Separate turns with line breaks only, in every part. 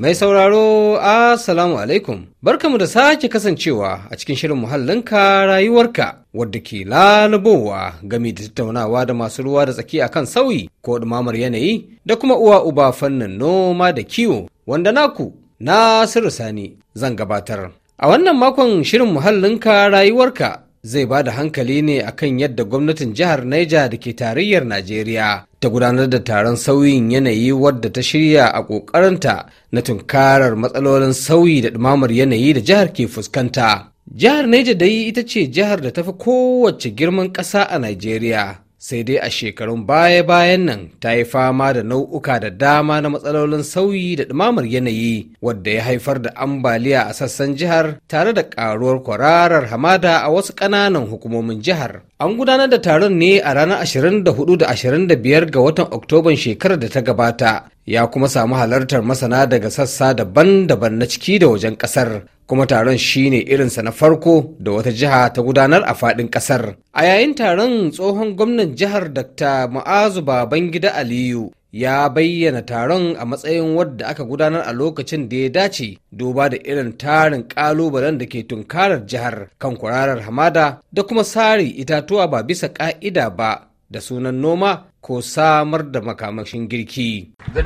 Mai sauraro, Assalamu alaikum. Barkamu da sake kasancewa a cikin shirin muhallinka rayuwarka wadda ke lalubowa game da tattaunawa da masu ruwa da tsaki akan sauyi ko ɗumamar yanayi da kuma uwa uba fannin noma da kiwo wanda naku Nasiru Sani zan gabatar. A wannan makon shirin muhallinka rayuwarka zai ba da hankali ne akan yadda gwamnatin jihar Niger da ke tarayyar Najeriya ta gudanar da taron sauyin yanayi wadda ta shirya a ƙoƙarinta na tunkarar matsalolin sauyi da ɗumamar yanayi da jihar ke fuskanta. Jihar Neja dai ita ce jihar da tafi kowace girman ƙasa a Najeriya. sai dai a shekarun baya-bayan nan ta yi fama da nau'uka da dama na matsalolin sauyi da ɗumamar yanayi wadda ya haifar da ambaliya a sassan jihar tare da ƙaruwar kwararar hamada a wasu ƙananan hukumomin jihar an gudanar da taron ne a ranar 24 da 25 ga watan oktoban shekarar da ta gabata ya kuma samu halartar masana daga sassa daban-daban na ciki da wajen ƙasar kuma taron shine irinsa na farko da wata jiha ta gudanar a faɗin ƙasar. A yayin taron tsohon gwamnan jihar Dr. Ma'azu Babangida Aliyu ya bayyana taron a matsayin wadda aka gudanar a lokacin da ya dace duba da irin tarin kalubalen da ke tunkarar jihar kan kwararar hamada da kuma sari itatuwa ba bisa ka'ida ba da sunan noma ko samar da makamashin girki.
The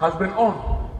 has been on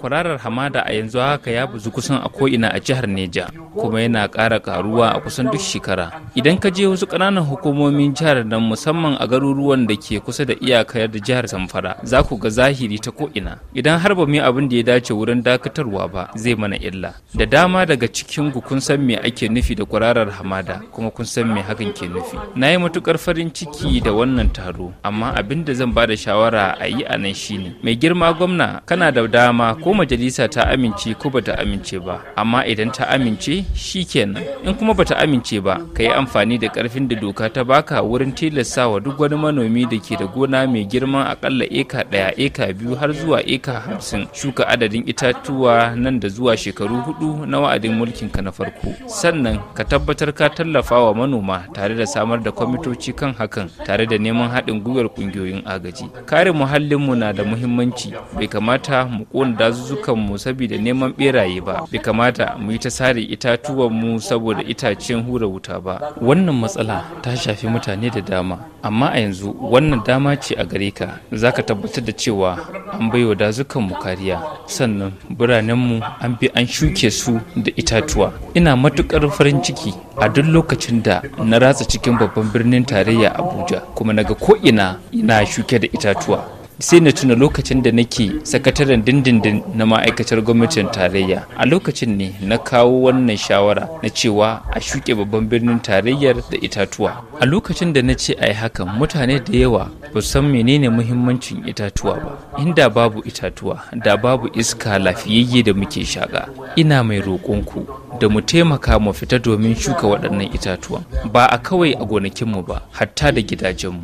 Kwararar hamada a yanzu haka ya buzu kusan a ko'ina a jihar Neja kuma yana ƙara karuwa a kusan duk shekara. Idan ka je wasu ƙananan hukumomin jihar nan musamman a garuruwan da ke kusa da iyakar da jihar Zamfara za ku ga zahiri ta ko'ina. Idan har ba abin da ya dace wurin dakatarwa ba zai mana illa. Da dama daga cikin ku kun san me ake nufi da kwararar hamada kuma kun san me hakan ke nufi. Na yi matuƙar farin ciki da wannan taro amma abin da zan ba da shawara a yi a nan shine. Mai girma gwamna kana da dama ko majalisa ta amince ko bata amince ba amma idan ta amince shi kenan in kuma bata amince ba ka yi amfani da karfin da doka ta baka wurin tilasta wa duk wani manomi da ke da gona mai girma akalla eka ɗaya eka biyu har zuwa eka hamsin shuka adadin itatuwa nan da zuwa shekaru hudu na wa'adin mulkin ka na farko sannan ka tabbatar ka tallafa wa manoma tare da samar da kwamitoci kan hakan tare da neman haɗin gwiwar ƙungiyoyin agaji kare muhallinmu na da muhimmanci bai kamata mu ƙona dazuzzukan mu saboda neman beraye ba bai kamata mu yi ta sare itatuwan mu saboda itacen hura wuta ba wannan matsala ta shafi mutane da dama amma a yanzu wannan dama ce a gare ka zaka tabbatar da cewa an baiwa dazukan mu kariya sannan biranen mu an bi an shuke su da itatuwa ina matukar farin ciki a duk lokacin da na ratsa cikin babban birnin tarayya abuja kuma naga ko ina ina shuke da itatuwa sai na tuna lokacin da nake sakataren dindindin na ma'aikatar gwamnatin tarayya a lokacin ne na kawo wannan shawara na cewa a shuke babban birnin tarayyar da itatuwa a lokacin da na ce a yi hakan mutane da yawa ba san menene muhimmancin itatuwa ba inda babu itatuwa da babu iska lafiyayye da muke shaƙa ina mai roƙonku da mu taimaka mu fita domin shuka waɗannan itatuwan ba a kawai a gonakinmu ba hatta da gidajenmu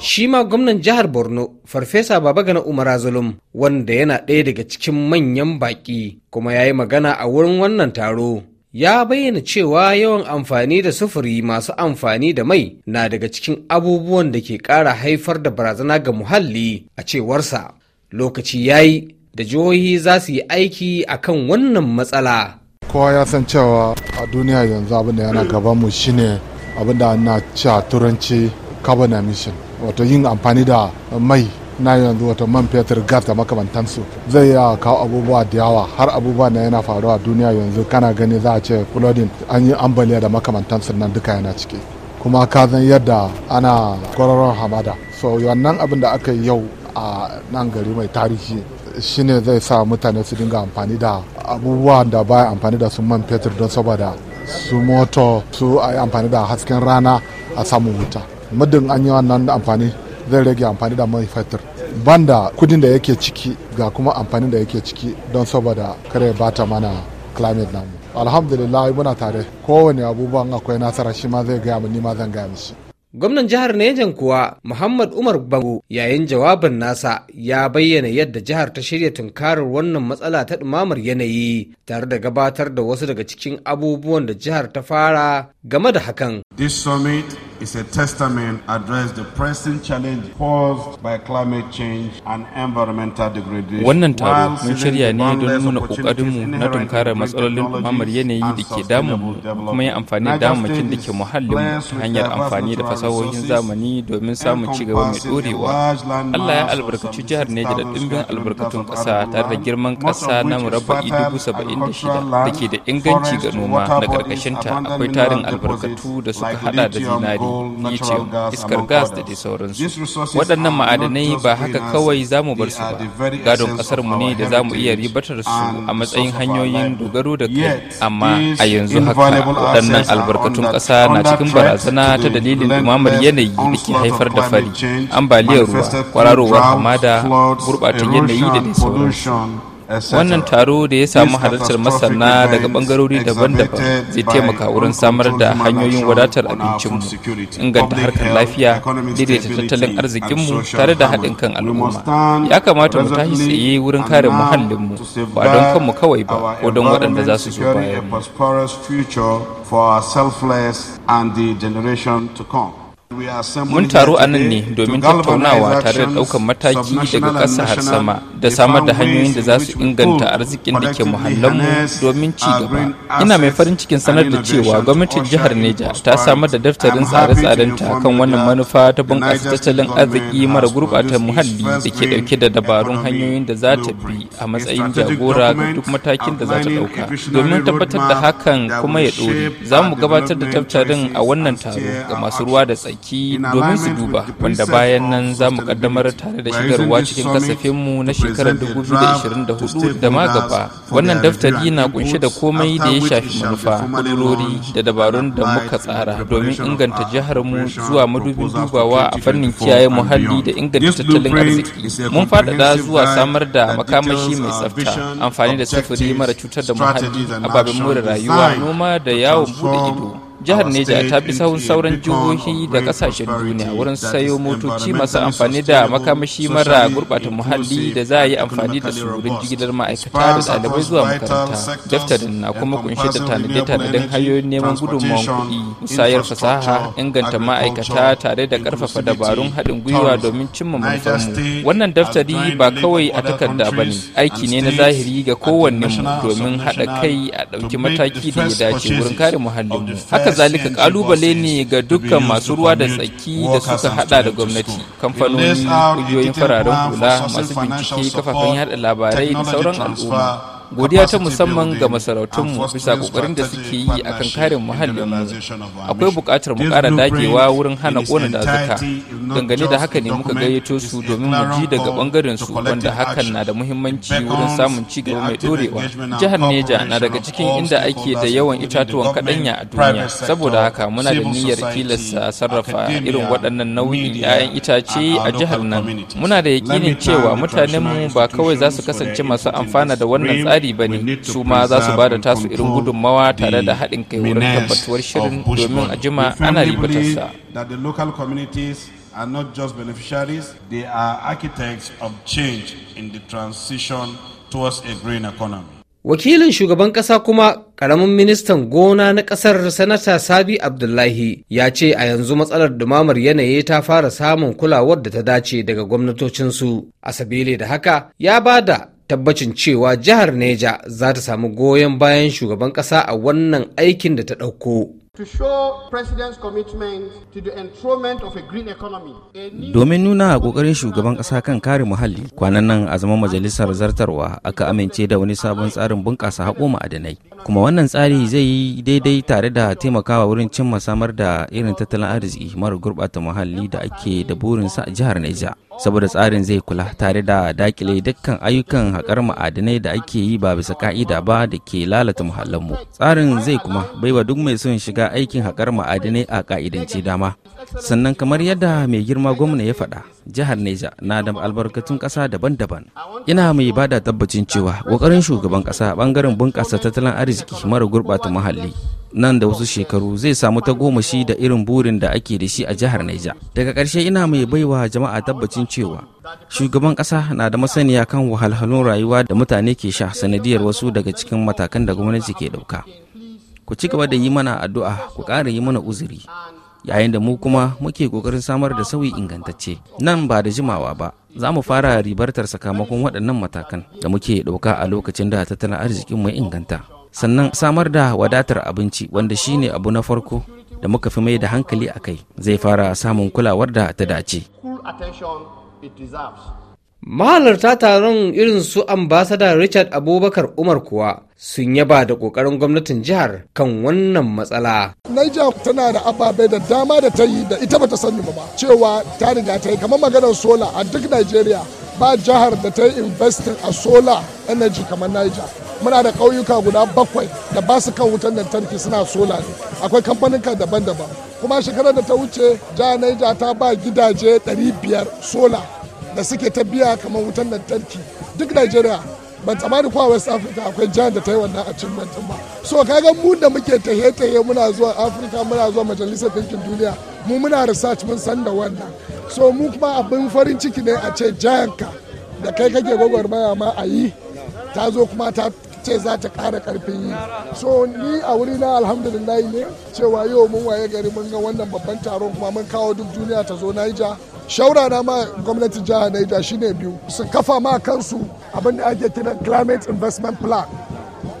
Shi ma gwamnan jihar Borno, Farfesa Babagana Umar Azulum, wanda yana ɗaya daga cikin manyan baƙi kuma ya yi magana a wurin wannan taro. ya bayyana cewa yawan amfani da sufuri masu amfani da mai na daga cikin abubuwan da ke ƙara haifar da barazana ga muhalli a cewarsa lokaci ya yi da jihohi za su yi aiki a kan wannan matsala
kowa ya san cewa a duniya yanzu abin da yana gaban mu shine abin da na ci a turanci carbon emission wato yin amfani da mai na yanzu wato man fetur gas da makamantansu zai iya kawo abubuwa da yawa har abubuwa na yana faruwa duniya yanzu kana gani za a ce flooding an yi ambaliya da makamantansu nan duka yana ciki kuma ka zan yadda ana kwararon hamada so wannan abin da aka yi yau a nan gari mai tarihi shine zai sa mutane su dinga amfani da abubuwan da baya amfani da su man fetur don saboda su moto su a yi amfani da hasken rana a samun wuta muddin an yi wannan amfani zai rage amfani da man fetur ban da kudin da yake ciki ga kuma amfanin da yake ciki don saboda kare bata mana climate namu alhamdulillah muna tare kowane abubuwan akwai nasara shi ma zai gaya mu ni ma zan gaya mishi
Gwamnan jihar Nejan kuwa Muhammad Umar Bango yayin jawabin nasa ya bayyana yadda jihar ta shirya tunkarar wannan matsala ta dumamar yanayi tare da gabatar da wasu daga cikin abubuwan da jihar ta fara game da hakan.
This summit is a testament address the pressing challenge caused by climate change and environmental degradation. Wannan taro mun shirya ne don nuna ƙoƙarinmu na tunkarar matsalolin dumamar yanayi da ke
damu kuma yin amfani da damakin da ke muhallinmu ta hanyar amfani da fasaha. fasahohin zamani domin samun ci gaba mai dorewa allah ya albarkaci jihar neja da ɗimbin albarkatun ƙasa tare da girman ƙasa na murabba'i dubu saba'in da shida da ke da inganci ga noma na ta akwai tarin albarkatu da suka hada da zinari lithium iskar gas da dai sauransu waɗannan ma'adanai ba haka kawai za mu bar su ba gadon ƙasar mu ne da za mu iya ribatar su a matsayin hanyoyin dogaro da kai amma a yanzu haka waɗannan albarkatun ƙasa na cikin barazana ta dalilin dumamar yanayi da ke haifar da fari ambaliyar ruwa kwararowar hamada gurɓatan yanayi da dai sauransu
wannan taro da ya samu halartar masana daga bangarori daban-daban zai taimaka wurin samar da hanyoyin wadatar
abincinmu inganta harkar lafiya daidaita tattalin arzikinmu tare da haɗin kan al'umma ya kamata mu tashi tsaye wurin kare muhallinmu ba don kanmu kawai ba ko don waɗanda za su zo bayan
Mun taru a nan ne domin tattaunawa tare da ɗaukar
mataki daga ƙasa har sama da samar da hanyoyin da za su inganta arzikin da ke muhallanmu domin ci gaba. Ina mai farin cikin sanar da cewa gwamnatin jihar Neja ta samar da daftarin tsare-tsarenta kan wannan manufa ta bunƙasa tattalin arziki mara gurɓata muhalli da ke ɗauke da dabarun hanyoyin da za ta bi a matsayin jagora ga duk matakin da za ta ɗauka. Domin tabbatar da hakan kuma ya ɗore, za mu gabatar da daftarin a wannan taro ga masu ruwa da tsayi. aiki domin su duba wanda bayan nan za mu kaddamar tare da shigarwa cikin kasafinmu na shekarar 2024 da ma wannan daftari na kunshe da komai da ya shafi manufa kudurori da dabarun da muka tsara domin inganta jiharmu zuwa madubin dubawa a fannin kiyaye muhalli da inganta tattalin arziki mun faɗaɗa zuwa samar da makamashi mai tsafta amfani da sufuri mara cutar da muhalli ababen more rayuwa noma da yawon bude ido jihar neja ta bi sahun sauran jihohi da kasashen duniya wurin sayo motoci masu amfani da makamashi mara gurbata muhalli da za a yi amfani da su wurin jigilar ma'aikata da ɗalibai zuwa makaranta daftarin na kuma kunshe da tanade tanadin hanyoyin neman gudunmawar kuɗi musayar fasaha inganta ma'aikata tare da ƙarfafa dabarun haɗin gwiwa domin cimma manufarmu wannan daftari ba kawai a takarda ba ne aiki ne na zahiri ga kowanne mu domin haɗa kai a ɗauki mataki da ya dace wurin kare muhallinmu haka kazalika kalubale ne ga dukkan masu ruwa da tsaki da suka hada da gwamnati kamfanoni ƙungiyoyin fararen hula masu bincike kafafen yada labarai da sauran al'umma godiya ta musamman ga masarautunmu bisa kokarin da suke yi a akan kare muhallinmu akwai buƙatar mu ƙara dagewa wurin hana ƙona dazuka dangane da haka ne muka gayyato su domin mu ji daga bangaren su wanda hakan na da muhimmanci wurin samun ci gaba mai ɗorewa jihar neja na daga cikin inda ake da yawan itatuwan kaɗanya a duniya saboda haka muna da niyyar tilasta sarrafa irin waɗannan nau'in 'ya'yan itace a jihar nan muna da yakinin cewa mutanenmu ba kawai za su kasance masu amfana da wannan tsari tsari ba ne su ma za su ba da tasu irin gudunmawa tare da haɗin kai wurin tabbatuwar shirin domin a jima ana ribatarsa
Wakilin shugaban ƙasa kuma ƙaramin ministan gona na ƙasar Sanata Sabi Abdullahi ya ce a yanzu matsalar dumamar yanayi ta fara samun kulawar da ta dace daga gwamnatocinsu. A sabili da haka ya ba da tabbacin cewa jihar Neja za ta samu goyon bayan shugaban ƙasa a wannan aikin da ta ɗauko.
Domin nuna kokarin shugaban ƙasa kan kare muhalli, kwanan nan a zaman majalisar zartarwa aka amince da wani sabon tsarin bunƙasa haƙo ma'adanai. Kuma wannan tsari zai yi daidai tare da taimakawa wurin cimma samar da irin tattalin arziki mara gurɓata muhalli da ake da burinsa a jihar Niger. saboda tsarin zai kula tare da dakile dukkan ayyukan haƙar ma'adinai da ake yi ba bisa ka'ida ba da ke lalata muhallanmu tsarin zai kuma baiwa duk mai son shiga aikin haƙar ma'adinai a ka'idance dama sannan kamar yadda mai girma gwamna ya faɗa jihar Neja na da albarkatun ƙasa daban-daban. Ina mai bada tabbacin cewa ƙoƙarin shugaban ƙasa bangaren bunƙasa tattalin arziki mara gurɓata muhalli nan da wasu shekaru zai samu ta goma shi da irin burin da ake da shi a jihar Neja. Daga ƙarshe ina mai baiwa jama'a tabbacin cewa shugaban ƙasa na da masaniya kan wahalhalun rayuwa da mutane ke sha sanadiyar wasu daga cikin matakan da gwamnati ke ɗauka. Ku ci gaba da yi mana addu'a ku ƙara yi mana uzuri. yayin da mu kuma muke kokarin samar da sauyi ingantacce nan ba da jimawa ba za mu fara ribartar sakamakon waɗannan matakan da muke ɗauka a lokacin da tattalin arzikin mai inganta sannan samar da wadatar abinci wanda shine abu na farko da muka fi mai da hankali a kai zai fara samun kulawar da ta
dace mahalarta taron irin su ambasada richard abubakar umar kuwa sun yaba da kokarin gwamnatin jihar kan wannan matsala.
Naija tana da ababe da dama da ta yi da ita bata sani ba cewa ta riga ta yi kamar maganar sola a duk Najeriya ba jihar da ta yi investing a sola energy kamar Naija. Muna da ƙauyuka guda bakwai da ba su kan wutan lantarki suna sola ne. Akwai kamfaninka daban-daban. Kuma shekarar da ta wuce jihar Naija ta ba gidaje 500 sola. da suke ta biya kamar wutan lantarki duk Najeriya ban tsammani kuwa West Africa akwai jihar da ta yi wannan achievement ba so kaga mu da muke tahe-tahe muna zuwa Africa muna zuwa majalisar ɗinkin duniya mu muna research mun san da wannan so mu kuma abin farin ciki ne a ce ka da kai kake gwagwarmaya ma a yi ta zo kuma ta ce za ta ƙara ƙarfin yi so ni a wuri na alhamdulillah ne cewa yau mun waye gari mun ga wannan babban taron kuma mun kawo duk duniya ta zo Niger shaura na ma gwamnatin jihar Niger shine biyu su kafa ma kansu abin da ake kiran climate investment plan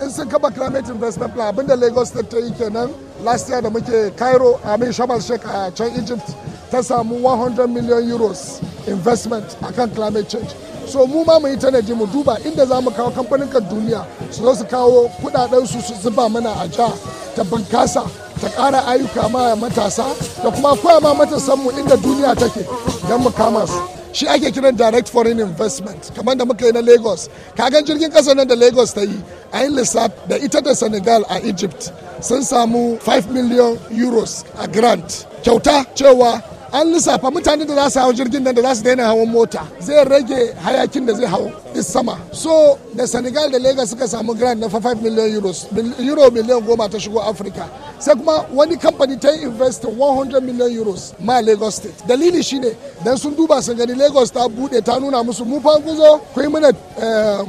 in sun kafa climate investment plan abinda lagos state ta yi kenan last year da muke cairo amin shamal sheikh a can egypt ta samu 100 million euros investment akan climate change so mu ma mu yi tanadi mu duba inda za mu kawo kamfanin duniya su zo su kawo kudaden su su zuba mana a jiha ta bunkasa ta ƙara ayyuka ma matasa da kuma koya ma mu inda duniya take don mu kama su shi ake kiran direct foreign investment kamar da muka yi na lagos kagan jirgin ƙasa nan da lagos ta yi a yin lissaf da ita da senegal a egypt sun samu 5 million euros a grant kyauta cewa an lissafa mutane da za su hau jirgin nan da za su daina hawan mota zai rage hayakin da zai hau is sama so da senegal da lagos suka samu grand na 5 million euros euro miliyan goma ta shigo afirka sai kuma wani kamfani ta yi invest 100 million euros ma lagos state dalili shine dan sun duba sun gani lagos ta bude ta nuna musu mu fa ku mana eh,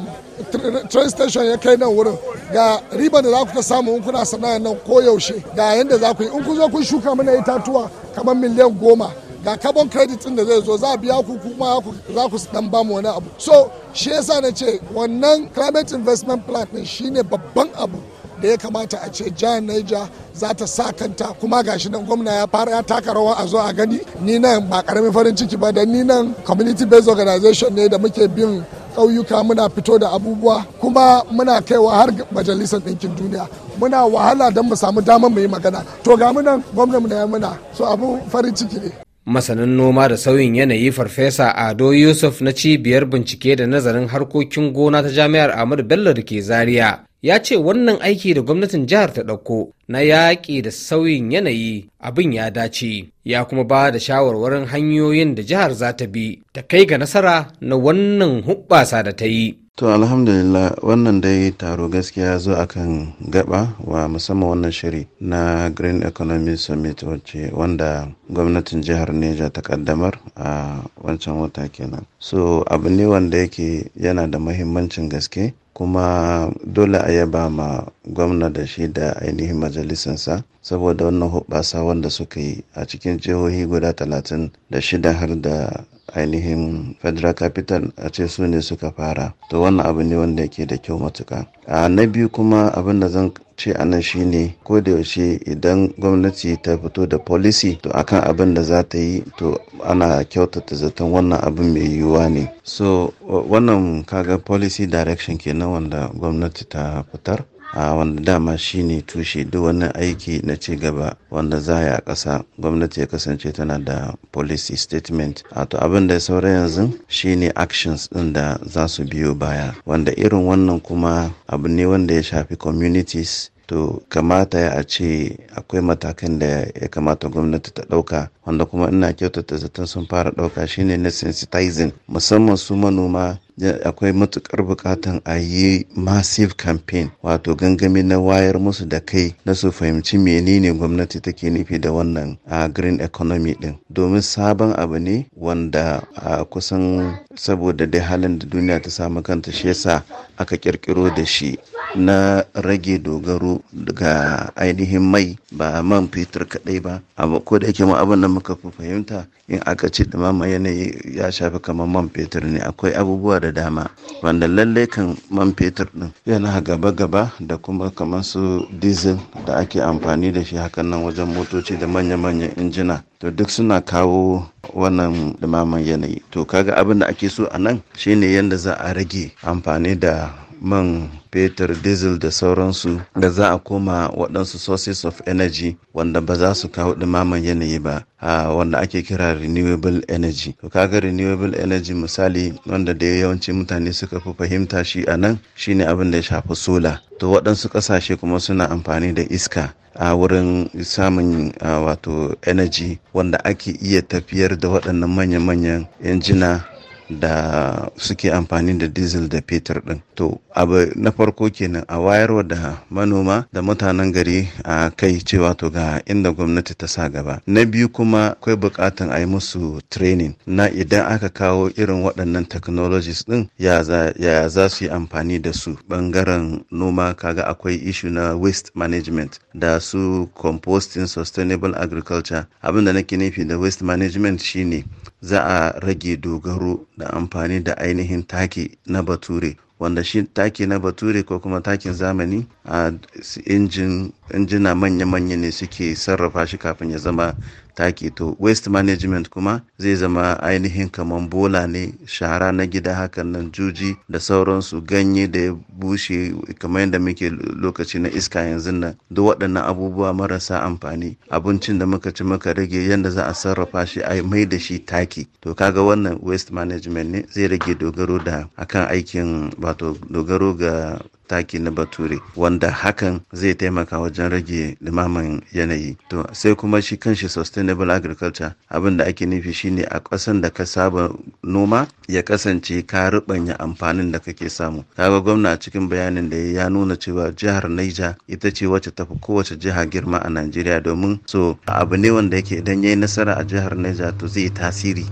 train station ya kai nan wurin ga riban da za ku ta samu in kuna sana'a nan koyaushe ga yadda za ku yi in ku zo kun shuka mana itatuwa kamar miliyan goma ga carbon credit din da zai zo za biya ku kuma za ku dan bamu wani abu so shi yasa na ce wannan climate investment plan din shine babban abu da ya kamata a ce jihar Niger za ta sa kanta kuma gashi nan gwamna ya fara ya taka rawa a zo a gani ni nan ba karamin farin ciki ba da ni nan community based organization ne da muke bin ƙauyuka muna fito da abubuwa kuma muna kaiwa har majalisar ɗinkin duniya muna wahala don mu samu damar mu yi magana to ga nan gwamnati da muna so abu farin ciki ne
masanin noma da sauyin yanayi farfesa ado yusuf na cibiyar bincike da nazarin harkokin gona ta jami'ar ahmadu bello da ke zaria ya ce wannan aiki da gwamnatin jihar ta ɗauko na yaƙi da sauyin yanayi abin ya dace ya kuma ba da shawarwarin hanyoyin da jihar za ta bi ta kai ga nasara na wannan hubbasa da ta yi to
alhamdulillah wannan dai taro gaskiya zo kan gaba wa musamman wannan shiri na green economy summit wacce wanda gwamnatin jihar neja ta kaddamar a wancan wata kenan so abu ne wanda yake yana da mahimmancin gaske kuma dole a yaba ma gwamna da shi da ainihin majalisinsa saboda wannan hoɓɓasa wanda suka yi a cikin jihohi guda talatin da shida har da ainihin federal capital a ce su ne suka fara to wannan abu ne wanda yake da kyau matuka a na biyu kuma abin da zan ce anan nan ne, ko da yaushe idan gwamnati ta fito da policy to akan abin da za ta yi to ana kyautata zaton wannan abin mai yiwuwa ne so wannan kaga policy direction kenan wanda gwamnati ta fitar a wanda dama shine tushe duk wani aiki na ci gaba wanda za a ƙasa gwamnati ya kasance tana da policy statement to abin da ya saura yanzu shine actions ɗin da za su biyo baya wanda irin wannan kuma abu ne wanda ya shafi communities to kamata a ce akwai matakan da ya kamata gwamnati ta ɗauka wanda kuma ina kyautata zaton sun fara ɗauka shine na sensitizing musamman su manoma akwai matukar bukatan a yi massive campaign wato gangami na wayar musu da kai na su fahimci menene gwamnati take nufi da wannan a green economy din domin sabon abu ne wanda a kusan saboda dai halin da duniya ta samu kanta shi yasa aka kirkiro da shi na rage dogaro ga ainihin mai ba man fetur kadai ba amma ko da yake mu abin da muka fi fahimta in aka ce da yanayi ya shafi kamar man fetur ne akwai abubuwa da da dama wanda lalle kan man fetur din yana gaba-gaba da kuma kamar su diesel da ake amfani da shi hakan nan wajen motoci da manya-manyan injina to duk suna kawo wannan limaman yanayi to kaga abin da ake so a nan shine yadda za a rage amfani da man fetur diesel da sauransu da za a koma waɗansu sources of energy wanda ba za su kawo ɗumaman yanayi ba a wanda ake kira renewable energy to kaga renewable energy misali wanda da yawanci mutane suka fi fahimta shi a nan shine abin da ya shafi sola to waɗansu ƙasashe kuma suna amfani da iska a wurin samun wato energy wanda ake iya tafiyar da waɗannan manya-manyan injina da suke amfani da diesel da fetur din to abu na farko kenan a wayarwa da manoma da mutanen gari a kai cewa to ga inda gwamnati ta sa gaba na biyu kuma akwai bukatan a yi musu training na idan aka kawo irin waɗannan technologies din ya za su yi amfani da su bangaren noma kaga akwai ishu na waste management da su composting sustainable agriculture abin da nake nufi da waste management shine za a rage dogaro da amfani da ainihin taki na bature wanda shi taki na bature ko kuma takin zamani a injina manya-manya ne suke sarrafa shi kafin ya zama taki to waste management kuma zai zama ainihin kamar bola ne shara na gida hakan nan juji da sauransu ganye da ya bushe kamar yadda muke lokaci na iska yanzu nan duk waɗannan abubuwa marasa amfani abincin da muka ci muka rage yadda za a sarrafa shi a mai da shi taki to kaga wannan waste management ne zai rage dogaro da akan aikin wato dogaro ga taki na bature wanda hakan zai taimaka wajen rage limamin yanayi to sai kuma shi kanshi sustainable agriculture abin da ake nufi shine a kasan da ka saba noma ya kasance ka rubanya amfanin da kake samu kaga gwamna cikin bayanin da ya nuna cewa jihar Niger ita ce wacce tafi kowace jiha girma a Najeriya domin so abu ne wanda yake idan yayi nasara a jihar Niger to zai tasiri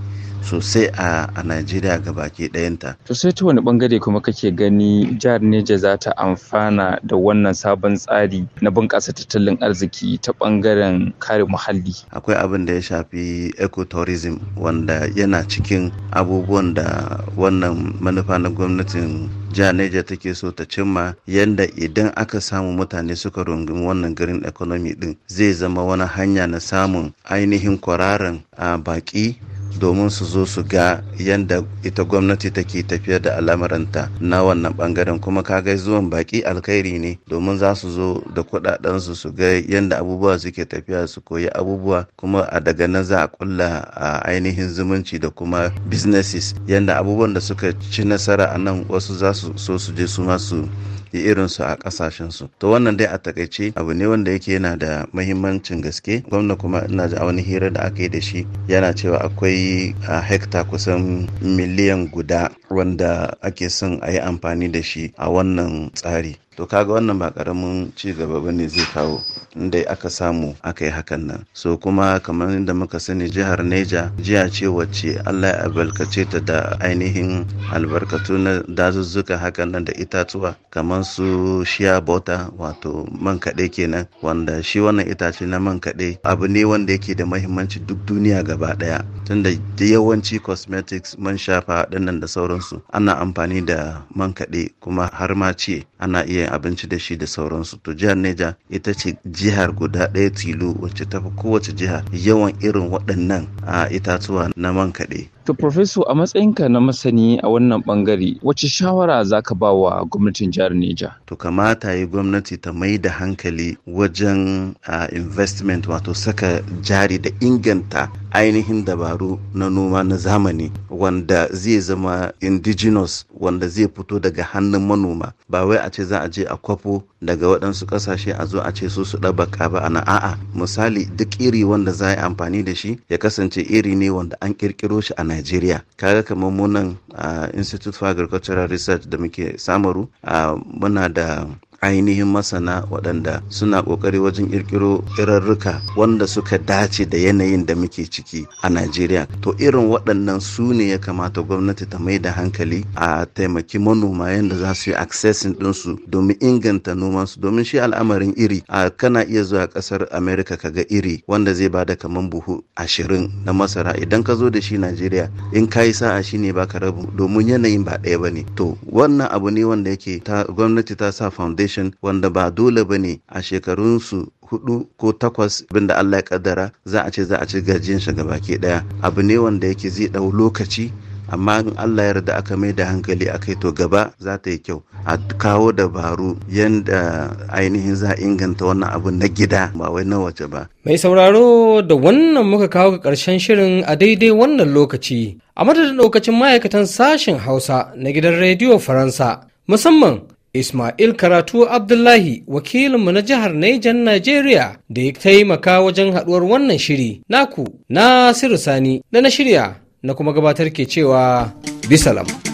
sosai a najeriya ga baki ɗayanta to sai ta wani bangare kuma kake gani
jihar neja za ta amfana da wannan sabon tsari na bunƙasa tattalin arziki
ta bangaren kare muhalli akwai abin da ya shafi ecotourism wanda yana cikin abubuwan da wannan manufa na gwamnatin jihar Neja take so ta cimma yadda idan aka samu mutane suka rungumi wannan garin economy din zai zama wani hanya na samun ainihin kwararan a ah, baki domin su zo su ga yadda ita gwamnati take tafiyar da al'amuranta na wannan bangaren kuma kaga zuwan baki alkhairi ne domin za su zo da kudaden su su ga yadda abubuwa suke tafiya su koyi abubuwa kuma a daga nan za a kulla a ainihin zumunci da kuma businesses yadda abubuwan da suka ci nasara a nan wasu za su so su je su masu yi irinsu a ƙasashensu to wannan dai a takaice abu ne wanda yake yana da mahimmancin gaske gwamna kuma ina ji a wani hira da aka yi da shi yana cewa akwai a hekta kusan miliyan guda wanda ake son a yi amfani da shi a wannan tsari to kaga wannan ba karamin ci gaba ba ne zai kawo inda aka samu aka yi hakan nan so kuma kamar inda muka sani jihar neja jiya ce wacce allah ya albarkace ta da ainihin albarkatu na dazuzzuka hakan nan da itatuwa kamar su shiya bota wato man kaɗe kenan wanda shi wannan itace na man kaɗe abu ne wanda yake da mahimmanci duk duniya gaba ɗaya tunda yawanci cosmetics man shafa ɗinnan da sauransu ana amfani da man kaɗe kuma har ma ce ana iya yin abinci da shi da sauransu to jihar neja ita ce jihar guda ɗaya tilo wacce tafi kowace jiha yawan irin waɗannan a itatuwa na man kaɗe To Profeso a matsayinka na masani a wannan bangare wacce shawara za ka ba wa gwamnatin jihar Neja? To kamata yi gwamnati ta mai da hankali wajen uh, investment wato saka jari da inganta ainihin dabaru na noma na zamani wanda zai zama indigenous wanda zai fito daga hannun manoma ba wai a ce za a je a kwafo daga waɗansu ƙasashe a zo a ce su su ɗabaka ba ana a'a misali duk iri wanda za a yi amfani da shi ya kasance iri ne wanda an ƙirƙiro shi a Najeriya kaga kamar munan a ah, Institute for Agricultural Research da muke samaru ah, muna da ainihin masana waɗanda suna ƙoƙari wajen ƙirƙiro irarruka wanda suka dace da yanayin da muke ciki a Najeriya. To irin waɗannan su ne ya kamata gwamnati ta mai da hankali a taimaki manoma yadda za su yi accessing ɗinsu domin inganta noman su, domin shi al'amarin iri a kana iya zuwa ƙasar Amerika ka ga iri wanda zai bada kamar buhu ashirin na masara idan ka zo da shi Najeriya in ka yi sa'a shi ne baka rabu domin yanayin ba ɗaya ba ne. To wannan abu ne wanda yake gwamnati ta sa foundation constitution wanda ba dole ba ne a shekarunsu hudu ko takwas abinda Allah ya kaddara za a ce za a ci gajiyar shiga baki daya abu ne wanda yake zai dau lokaci amma in Allah yarda aka mai da hankali a kai to gaba za ta yi kyau a kawo dabaru yadda ainihin za a inganta wannan abu na gida ba wai na wace ba.
Mai sauraro da wannan muka kawo ga karshen shirin a daidai wannan lokaci a madadin lokacin ma'aikatan sashen Hausa na gidan Rediyo Faransa musamman Ismail Karatu Abdullahi wakilinmu na jihar Nejan Najeriya da ya taimaka wajen haɗuwar wannan shiri naku Nasiru Sani da na shirya na kuma gabatar ke cewa bisalam.